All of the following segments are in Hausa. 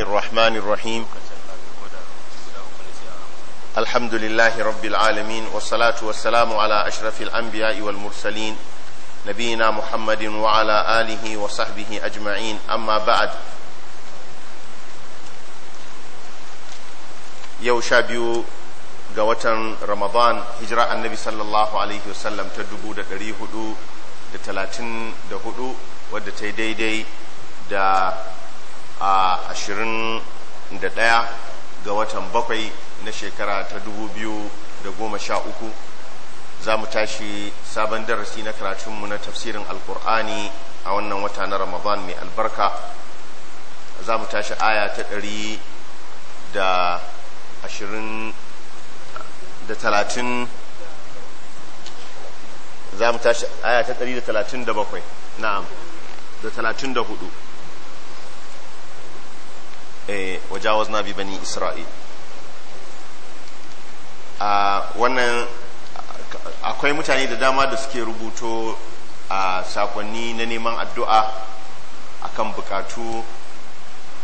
الرحمن الرحيم الحمد لله رب العالمين والصلاة والسلام على أشرف الأنبياء والمرسلين نبينا محمد وعلى آله وصحبه أجمعين أما بعد yau sha biyu ga watan ramadan hijira annabi sallallahu alaihi wasallam ta dubu da dari hudu da talatin da hudu wadda daidai da a 21 ga watan bakwai na shekara ta 2013 za mu tashi sabon darasi na karatunmu na tafsirin alkur'ani a wannan wata na ramadan mai albarka za mu tashi aya ta 100 da ashirin da talatin za mu tashi aya ta 137 na'am da talatin da hudu. Eh, wajawazna bi bani isra'il a ah, wannan akwai mutane da dama da suke rubuto a ah, sakonni na neman addu'a akan bukatu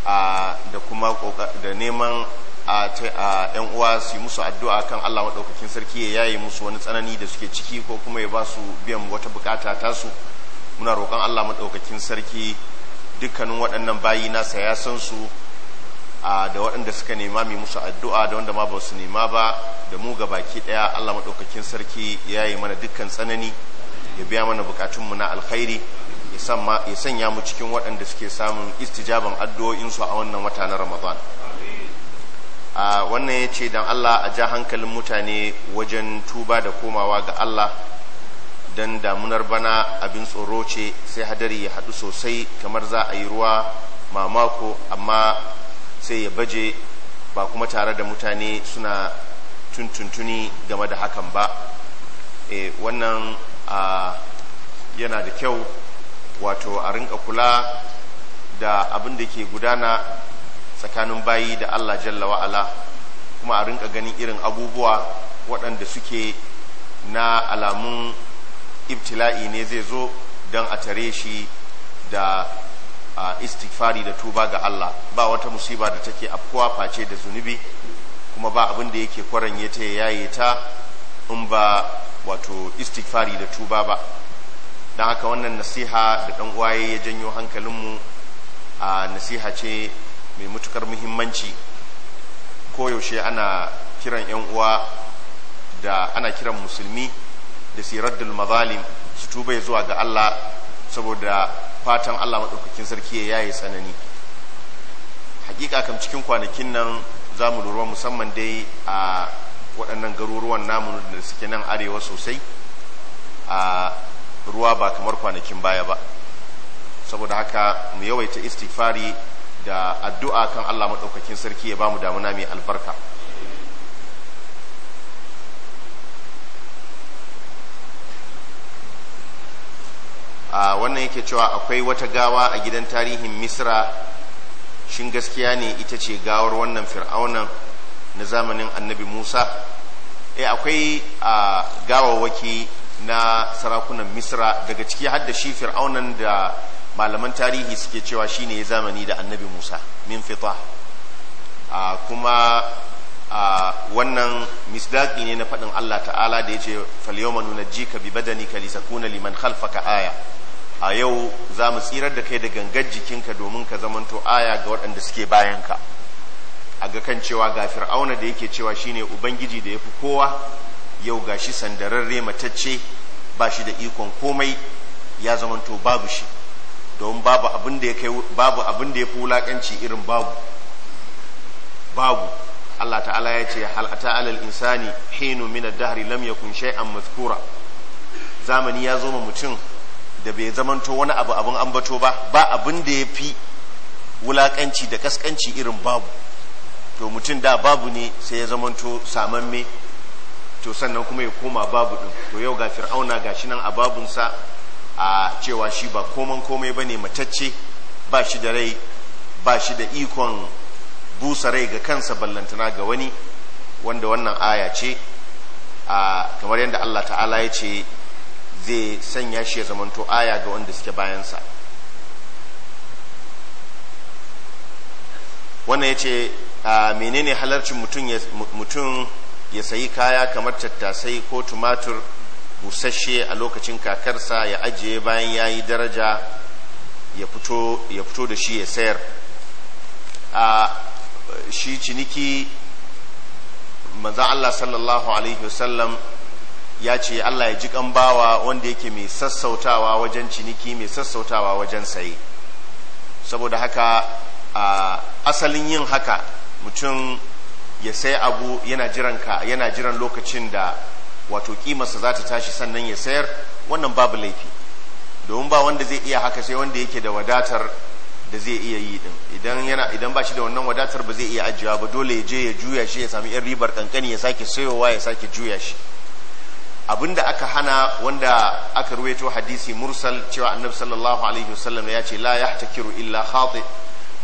ah, da kuma da neman a yan uwa su musu addu'a kan Allah maɗaukakin sarki ya yaye musu wani tsanani da suke ciki ko kuma ya ba su biyan wata bukata tasu muna roƙon Allah maɗaukakin sarki dukkanin waɗannan bayi nasa ya san su da waɗanda suka nema mai musu addu'a da wanda ma ba su nema ba da mu ga baki ɗaya Allah maɗaukakin sarki ya yi mana dukkan tsanani ya biya mana bukatunmu na alkhairi ya sanya mu cikin waɗanda suke samun istijaban addu'o'insu a wannan wata na Ramadan. wannan ya ce don Allah a ja hankalin mutane wajen tuba da komawa ga Allah don damunar bana abin tsoro ce sai hadari ya haɗu sosai kamar za a yi ruwa mamako amma sai ya baje ba kuma tare da mutane suna tuntuntuni game da hakan ba e, wannan yana da kyau wato a rinka kula da abin da ke gudana tsakanin bayi da Allah jalla wa'ala kuma a rinka ganin irin abubuwa waɗanda suke na alamun ibtila'i ne zai zo don a tare shi da istighfari da tuba ga Allah ba wata musiba da take afkuwa face da zunubi kuma ba abin da yake kwaranye ta yaye ta in ba wato istighfari da tuba ba Dan haka wannan nasiha da dan uwaye ya janyo hankalinmu a nasiha ce mai matukar muhimmanci koyaushe ana kiran yan uwa da ana kiran musulmi da siraddul mazalim su tuba zuwa ga Allah saboda fatan Allah maɗaukakin sarki ya yaye tsanani hakika kam cikin kwanakin nan za mu lura musamman dai a waɗannan garuruwan namu da suke nan arewa sosai a ruwa ba kamar kwanakin baya ba saboda haka mu yawaita istighfari da addu'a kan Allah maɗaukakin sarki ya ba mu damuna mai albarka a wannan yake cewa akwai wata gawa a gidan tarihin misra shin gaskiya ne ita ce gawar wannan fir'aunan na zamanin annabi musa e akwai a gawawaki na sarakunan misra daga ciki har shi fir'aunan da malaman tarihi suke cewa shine ya zamani da annabi musa min fita a kuma a wannan misdaki ne na faɗin allah ta'ala da ya ce falyoma nuna ka bi badani ka lisa kuna liman khalfaka aya a yau za mu tsirar da kai da gangar jikinka domin ka zamanto aya ga waɗanda suke bayan ka a ga kan cewa ga fir'auna da yake cewa shine ubangiji da ya fi kowa yau ga shi sandararre matacce ba shi da ikon komai ya zamanto babu shi don babu abin da ya fi wulaƙanci irin babu babu Allah ta'ala ya ce hal alal insani hinu min ad-dahri lam yakun shay'an mazkura zamani ya zo mutum da bai zamanto wani abu abin ambato ba ba abin da ya fi wulakanci da kaskanci irin babu to mutum da babu ne sai ya zamanto samamme to sannan kuma ya koma babu din to yau ga fir'auna ga shi nan a babunsa a cewa shi ba koman komai ba ne matacce ba shi da rai ba shi da ikon busa rai ga kansa ballantana ga wani wanda wannan aya ce kamar yadda allah ta'ala ya ce zai sanya shi ya zamanto aya ga wanda suke bayansa wannan ya ce menene halarcin mutum ya sayi kaya kamar tattasai ko tumatur busasshe a lokacin kakarsa ya ajiye bayan ya yi daraja ya fito da shi ya sayar a shi ciniki manzan Allah sallallahu Alaihi wasallam ya ce Allah ya ji kan bawa wanda yake mai sassautawa wajen ciniki mai sassautawa wajen saye saboda haka a asalin yin haka mutum ya sai abu yana jiran ka yana jiran lokacin da wato kimarsa za ta tashi sannan ya sayar wannan babu laifi domin ba wanda zai iya haka sai wanda yake da wadatar da zai iya yi din idan yana idan ba shi da wannan wadatar ba zai iya ajiyawa ba dole ya je ya juya shi ya sami yan ribar kankani ya sake sayowa ya sake juya shi Abin da aka hana wanda aka ruwaito hadisi mursal cewa annabi sallallahu alaihi wasallam ya ce la yahtakiru illa khati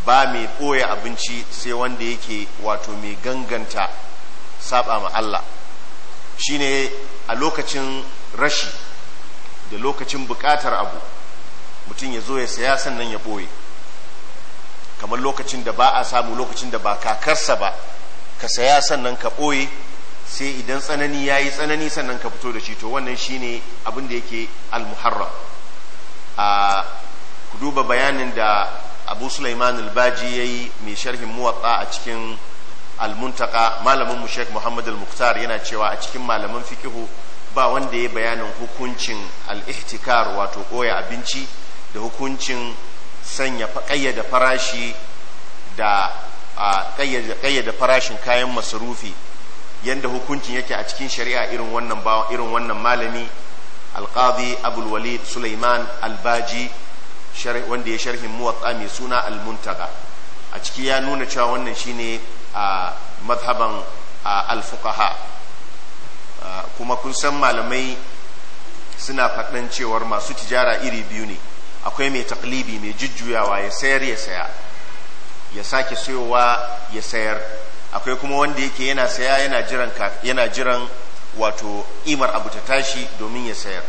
ba mai boye abinci sai wanda yake wato mai ganganta saba ma Allah shine a lokacin rashi da lokacin bukatar abu mutum ya zo ya saya sannan ya boye kamar lokacin da ba a samu lokacin da ba kakarsa ba ka saya sannan ka boye sai idan tsanani ya yi tsanani sannan ka fito da shi to wannan shine abin da yake al-muharram a ku duba bayanin da abu sulaiman al-baji ya yi mai sharhin muwatsa a cikin al-muntaka malamin mu sheikh muhammad al-muktar yana cewa a cikin malaman fikihu ba wanda ya bayanin hukuncin al-ihtikar wato koya abinci da hukuncin sanya kayyada farashi da kayyada farashin kayan masarufi Yadda hukuncin yake a cikin shari'a irin wannan bawa irin wannan malami alqadi abul walid albaji wanda ya sharhin muwatta mai suna almuntaga a ciki ya nuna cewa wannan shine a madhaban alfuqaha kuma kun san malamai suna faɗan cewar masu tijara iri biyu ne akwai mai taklibi mai jujjuyawa ya sayar ya saya ya sake sayowa ya sayar akwai kuma wanda yake yana saya yana jiran yana jiran wato imar abu ta tashi domin ya sayar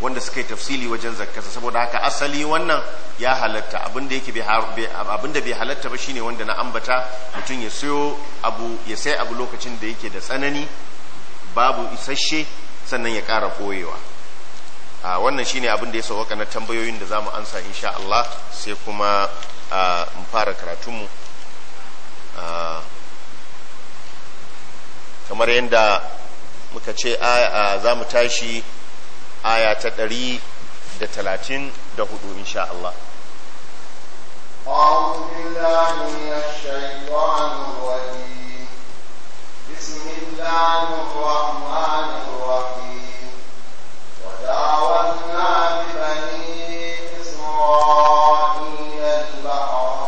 wanda suka yi tafsili wajen zakkarsa saboda haka asali wannan ya halatta da yake da bai halatta ba shine wanda na ambata mutum ya sayo abu ya sai abu lokacin da yake da tsanani babu isasshe sannan ya kara koyewa a wannan shine abin da ya sauka na tambayoyin da zamu ansa insha Allah sai kuma mu fara karatunmu kamar yadda muka ce za mu tashi aya ta ɗari da talatin da hudu insha Allah أعوذ بالله من الشيطان الرجيم بسم الله الرحمن الرحيم وتعاوننا ببني إسرائيل البحر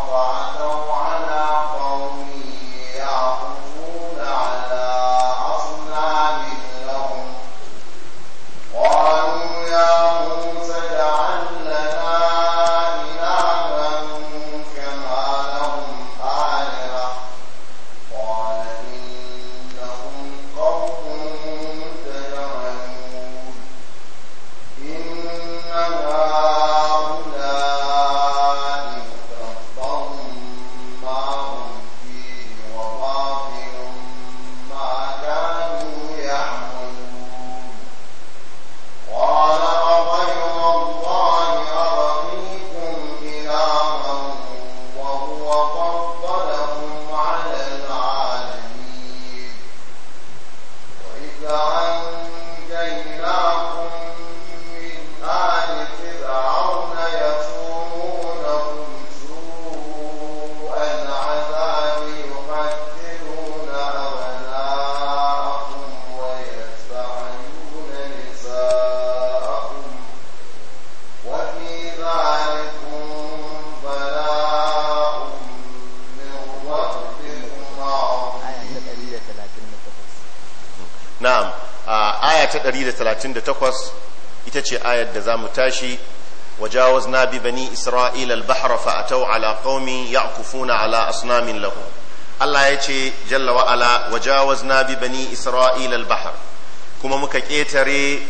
138 ita ce ayar da za mu tashi وجاوزنا ببني إسرائيل البحر فأتوا على قوم يعكفون على أصنام لهم الله يتي جل وعلا وجاوزنا ببني إسرائيل البحر كما مكاكيتري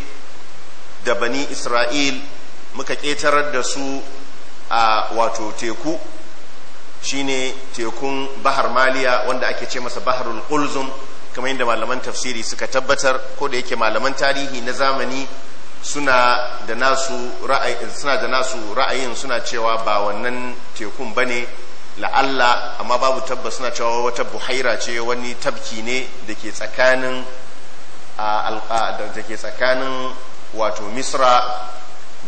da bani Isra'il muka ƙetarar da su a wato teku shine tekun bahar maliya wanda ake ce masa baharul ƙulzum kamar yadda malaman tafsiri suka tabbatar ko da yake malaman tarihi na zamani suna da nasu ra'ayin suna cewa ba wannan tekun ba ne la'alla amma babu tabbas suna cewa wata buhaira ce wani tabki ne da ke tsakanin da ke tsakanin wato misra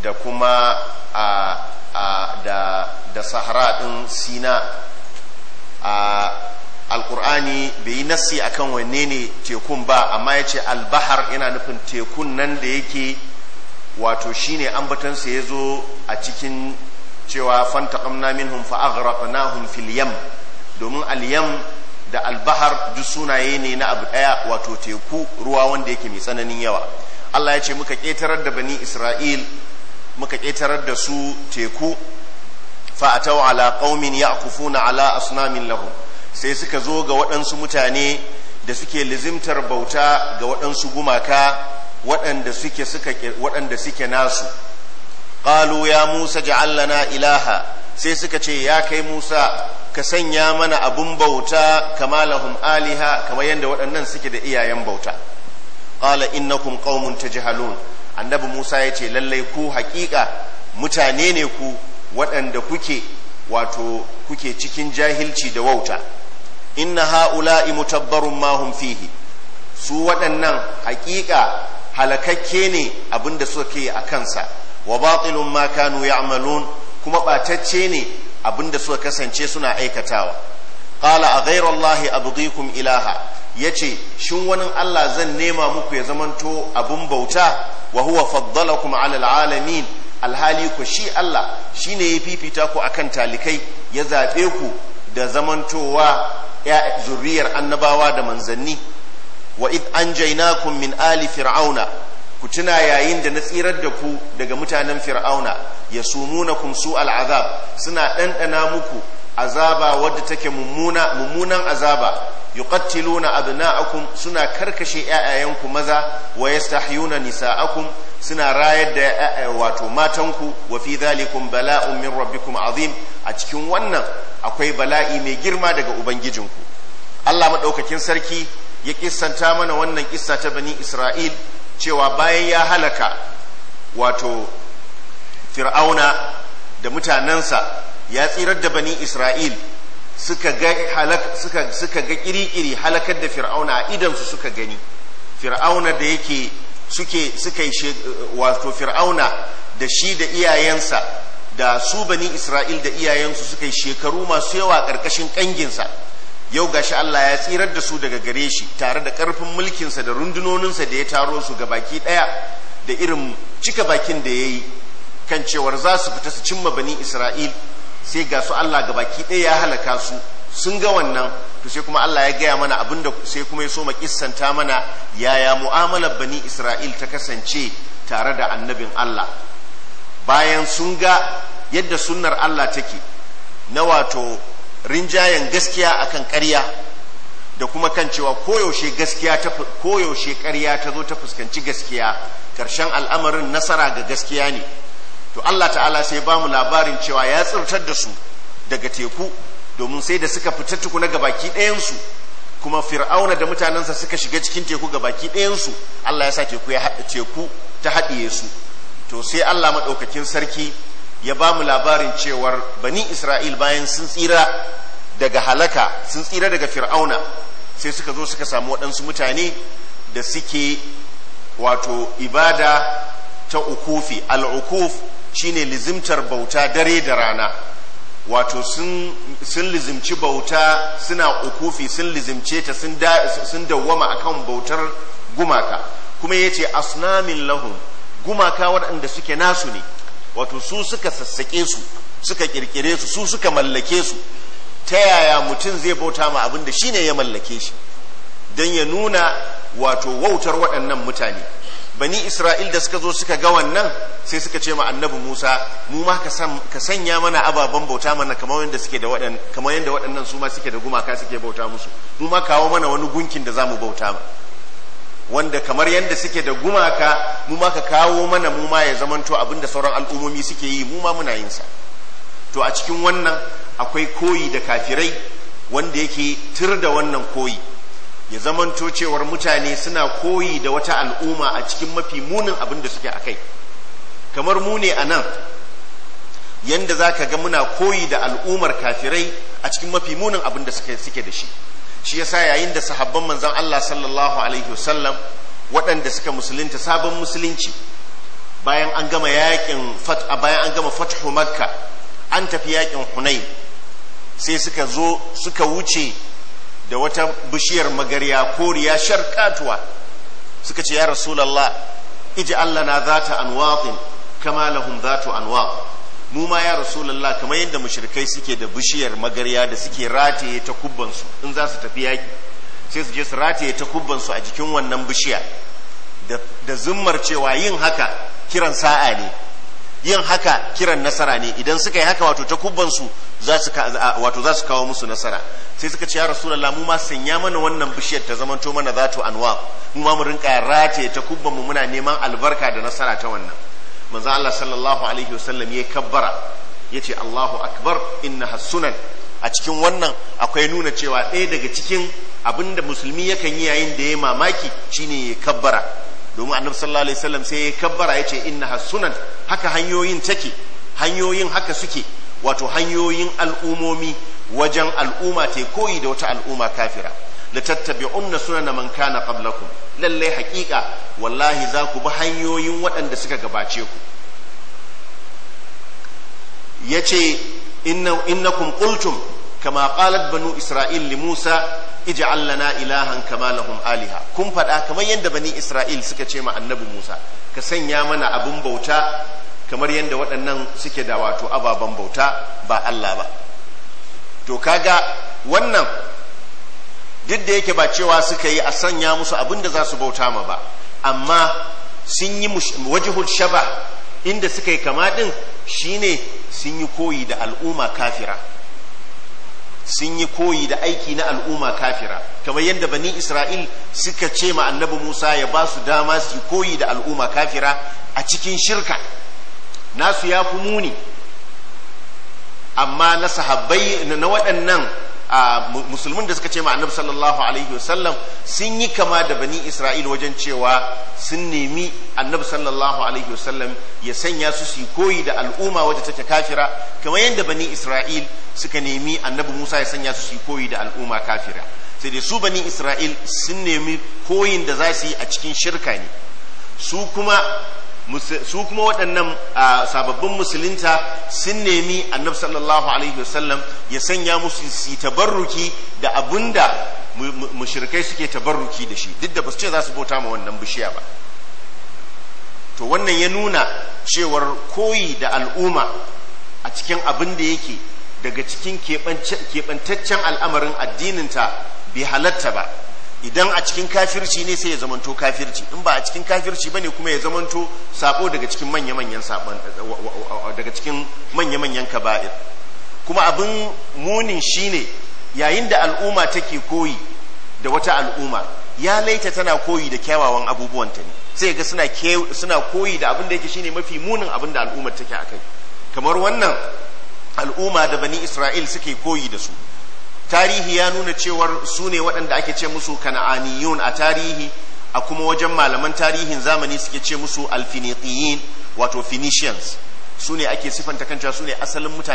da kuma da da sahara din sina a alkur'ani bai yi nassi akan wanne ne tekun ba amma ya ce albahar yana nufin tekun nan da yake wato shine ambatansa ya zo a cikin cewa fanta min hun fa'agara na hun filiyam domin aliyam da albahar duk sunaye ne na abu ɗaya wato teku ruwa wanda yake mai tsananin yawa Allah ya ce muka ƙetarar da bani Isra'il muka ƙetarar da su teku fa ƙaumin ala qaumin na ala asunamin lahun sai suka zo ga waɗansu mutane da suke lizimtar bauta ga waɗansu gumaka waɗanda suke suka waɗanda suke nasu qalu ya musa Allah na ilaha sai suka ce ya kai musa ka sanya mana abun bauta kama lahum aliha kamar yadda waɗannan suke da iyayen bauta qala innakum qaumun tajhalun annabi musa ya ce lallai ku haƙiƙa mutane ne ku waɗanda kuke wato kuke cikin jahilci da wauta inna ha'ula'i mutabbarun ma fihi su waɗannan haƙiƙa halakakke ne abinda suke a kansa wa batilun ma kanu ya'malun kuma batacce ne abinda suka kasance suna aikatawa qala a ghairallahi abghikum ilaha ce shin wani Allah zan nema muku ya zamanto abun bauta wa huwa faddalakum ala alalamin alhali ku shi Allah shine ya fifita ku akan talikai ya zabe ku da zamantowa zuriyar annabawa da manzanni wa id anjaynakum min ali fir'auna ku tuna yayin da na tsirar da ku daga mutanen fir'auna ya sumunakum su al'azab suna ɗanɗana muku azaba wadda take mummuna mummunan azaba yuqattiluna abna'akum suna karkashe ƴaƴayanku maza wa yastahyuna nisa'akum suna rayar da eh, eh, wato matanku wa fi zalikum bala'un min rabbikum azim a cikin wannan akwai bala'i mai girma daga ubangijinku Allah madaukakin sarki ya ƙisanta mana wannan kissa ta bani Isra'il cewa bayan ya halaka wato fir'auna da mutanensa ya tsirar da bani Isra'il suka ga halak suka halakar da fir'auna a idan su suka gani fir'auna da yake suke suka yi wato fir'auna da shi da iyayensa da su bani isra'il da iyayensu suka yi shekaru masu yawa ƙarƙashin ƙanginsa yau gashi Allah ya tsirar da su daga gare shi tare da ƙarfin mulkinsa da rundunoninsa da ya taro su ga baki ɗaya da irin cika bakin da ya yi kan cewar za su fita su cimma bani isra'il sai ga su Allah ga baki ɗaya ya halaka su sun ga wannan to sai kuma Allah ya gaya mana abin da sai kuma ya so ma kissanta mana yaya mu'amalar bani Isra'il ta kasance tare da annabin Allah bayan sun ga yadda sunnar Allah take na wato rinjayen gaskiya akan ƙarya da kuma kan cewa koyaushe gaskiya ta koyaushe ƙarya ta zo ta fuskanci gaskiya ƙarshen al'amarin nasara ga gaskiya ne to Allah ta'ala sai ba mu labarin cewa ya tsirtar da su daga teku domin sai da suka fita tukuna ga baki ɗayansu kuma fir'auna da mutanensa suka shiga cikin teku ga baki ɗayansu Allah ya sa teku ya teku ta haɗiye su to sai Allah maɗaukakin sarki ya ba mu labarin cewar bani Isra'il bayan sun tsira daga halaka sun tsira daga fir'auna sai suka zo suka samu waɗansu mutane da suke wato ibada ta ukufi al'ukuf shine lizimtar bauta dare da rana wato sun lizimci bauta suna ukufi sun lizimce ta sun dawwama kan bautar gumaka kuma ya ce asnamin lahun gumaka waɗanda suke nasu ne wato su suka sassaƙe su suka ƙirƙire su su suka mallake su ta yaya mutum zai bauta ma abinda shi ne ya mallake shi don ya nuna wato wautar waɗannan mutane bani isra'il da suka zo suka ga wannan sai suka ce ma annabi musa mu ma ka sanya mana ababen bauta mana kamar yadda suke da kamar yadda waɗannan su ma suke da gumaka suke bauta musu mu ma kawo mana wani gunkin da zamu bauta ma wanda kamar yadda suke da gumaka mu ma ka kawo mana mu ma ya zamanto abinda sauran al'umomi suke yi mu ma muna yin sa to a cikin wannan akwai koyi da kafirai wanda yake tir da wannan koyi ya zamanto cewar mutane suna koyi da wata al'umma a cikin mafi munin abin da suke akai kamar mu ne a nan yadda za ka ga muna koyi da al'ummar kafirai a cikin mafi munin abin da suke da shi shi ya yasa yayin da sahabban manzan Allah sallallahu alaihi wasallam waɗanda suka musulunta sabon musulunci bayan an gama yakin bayan an gama fathu makka an tafi yakin hunain sai suka zo suka wuce da wata bishiyar magarya koriya sharkatuwa suka ce ya rasulallah iji Allah na zata anwatin kama lahum anwa. anwat mu ma ya rasulallah kamar yadda mushrikai suke da bishiyar magarya da suke rataye ta kubbansu in za su tafi yaki sai su je su rataye ta kubbansu a jikin wannan bishiya da zummar cewa yin haka kiran sa'a ne yin haka kiran nasara ne idan suka yi haka wato ta kubbansu za su wato za kawo musu nasara sai suka ce ya rasulullah mu ma sanya mana wannan bishiyar ta zamanto mana zatu anwa mu ma mu rinka rataye ta kubban mu muna neman albarka da nasara ta wannan manzo Allah sallallahu alaihi wasallam ya kabbara Ya ce Allahu akbar inna sunan a cikin wannan akwai nuna cewa ɗaya daga cikin abinda musulmi yakan yi yayin da ya mamaki shine ya kabbara domin annabi sallallahu alaihi wasallam sai ya kabbara ya ce inna sunan haka hanyoyin take hanyoyin haka suke wato hanyoyin al'umomi wajen al'umma ta koyi da wata al'umma kafira la suna na man kana qablakum lalle haƙiƙa wallahi za ku bi hanyoyin waɗanda suka gabace ku yace inna innakum qultum kama qalat banu isra'il li musa ij'al lana ilahan kama lahum aliha kun faɗa kamar yadda bani isra'il suka ce ma annabi musa ka sanya mana abin bauta kamar yadda waɗannan suke da wato ababen bauta ba Allah ba to kaga wannan duk da yake ba cewa suka yi a sanya musu abin da za su bauta ma ba amma sun yi wajihul shaba inda suka yi kama ɗin shine sun yi koyi da al'umma kafira sun yi koyi da aiki na al'umma kafira kamar yadda bani isra'il suka ce ma annabi musa ya ba su dama su koyi da al'umma kafira a cikin shirka nasu ya fi muni amma na sahabbai na waɗannan musulmin da suka ce ma annabi sallallahu alaihi wasallam sun yi kama da bani isra'il wajen cewa sun nemi annabi sallallahu alaihi wasallam ya sanya su su koyi da al'umma wajen take kafira kamar yadda bani isra'il suka nemi annabi musa ya sanya su su koyi da al'umma kafira sai dai su bani isra'il sun nemi koyin da za su yi a cikin shirka ne su kuma su kuma waɗannan sababbin musulunta sun nemi annabi sallallahu alaihi wasallam ya sanya musu su tabarruki da abinda mushrikai suke tabarruki da shi duk da ba su ce za su bauta ma wannan bishiya ba to wannan ya nuna cewar koyi da al'umma a cikin abin da yake daga cikin keɓantaccen al'amarin addininta bai halatta ba idan a cikin kafirci ne sai ya zamanto kafirci in ba a cikin kafirci bane kuma ya zamanto sako daga cikin manya-manyan sabon daga cikin manya-manyan kaba'ir kuma abin munin shine yayin da al'umma take koyi da wata al'umma ya laita tana koyi da kyawawan abubuwan ta ne sai ga suna suna koyi da abin da yake shine mafi munin abin da al'ummar take akai kamar wannan al'umma da bani Isra'il suke koyi da su tarihi ya nuna cewar su ne waɗanda ake ce musu kana'aniyun a tarihi a kuma wajen malaman tarihin zamani suke ce musu alfiniqiyin wato phoenicians su ne ake sifanta kanta su ne asalin mutane